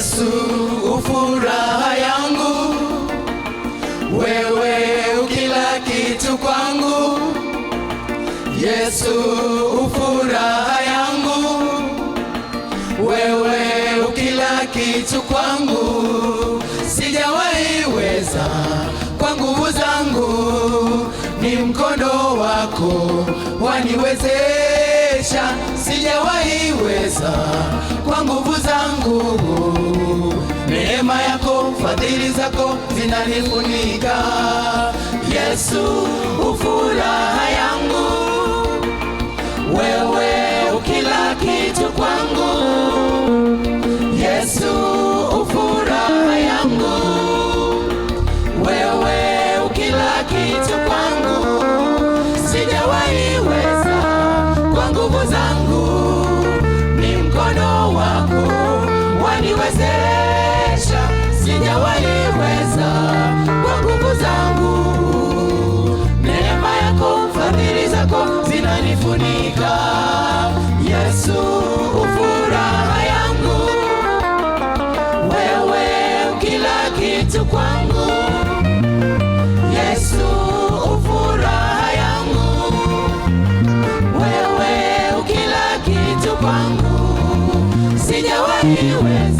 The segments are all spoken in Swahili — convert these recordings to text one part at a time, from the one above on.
Yesu, ufuraha yangu, wewe ukila kitu kwangu. Yesu, ufuraha yangu, wewe ukila kitu kwangu. Sijawahi weza kwa nguvu zangu, ni mkono wako waniwezesha. Sijawahi weza kwa nguvu zangu Fadhili zako zinanifunika Yesu, ufuraha yangu, wewe ukila kitu kwangu Yesu tu kwangu, Yesu ufuraha yangu, wewe ukila kitu kwangu, sijawahi weza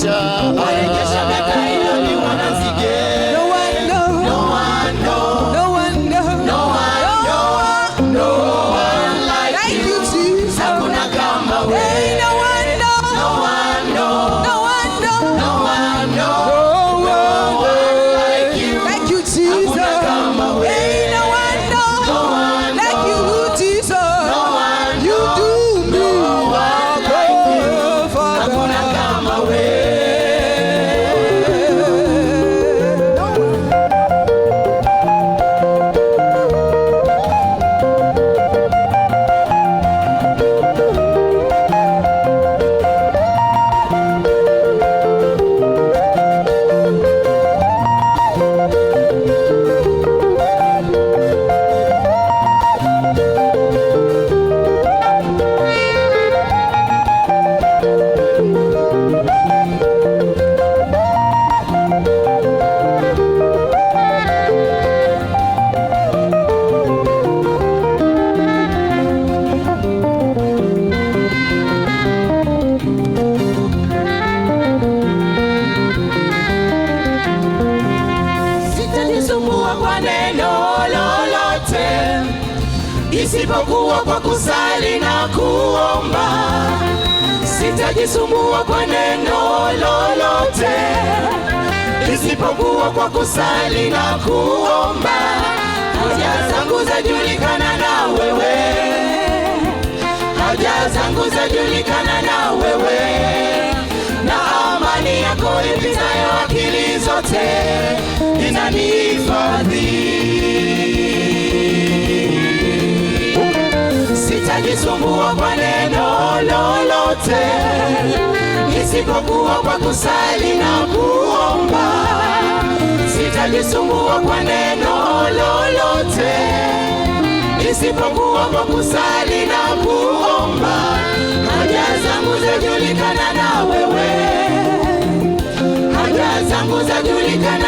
Russia. kwa neno lolote isipokuwa kwa kusali na kuomba. Sitajisumbua kwa neno lolote isipokuwa kwa kusali na kuomba. Haja zangu zajulikana na wewe, haja zangu zajulikana na wewe, na amani yako ipitayo akili zote unanifadhi, sitajisumbua kwa neno lolote isipokuwa kwa kusali na kuomba. Sitajisumbua kwa neno lolote isipokuwa kwa kusali na kuomba. Haja zangu zajulikana na wewe, haja zangu zajulikana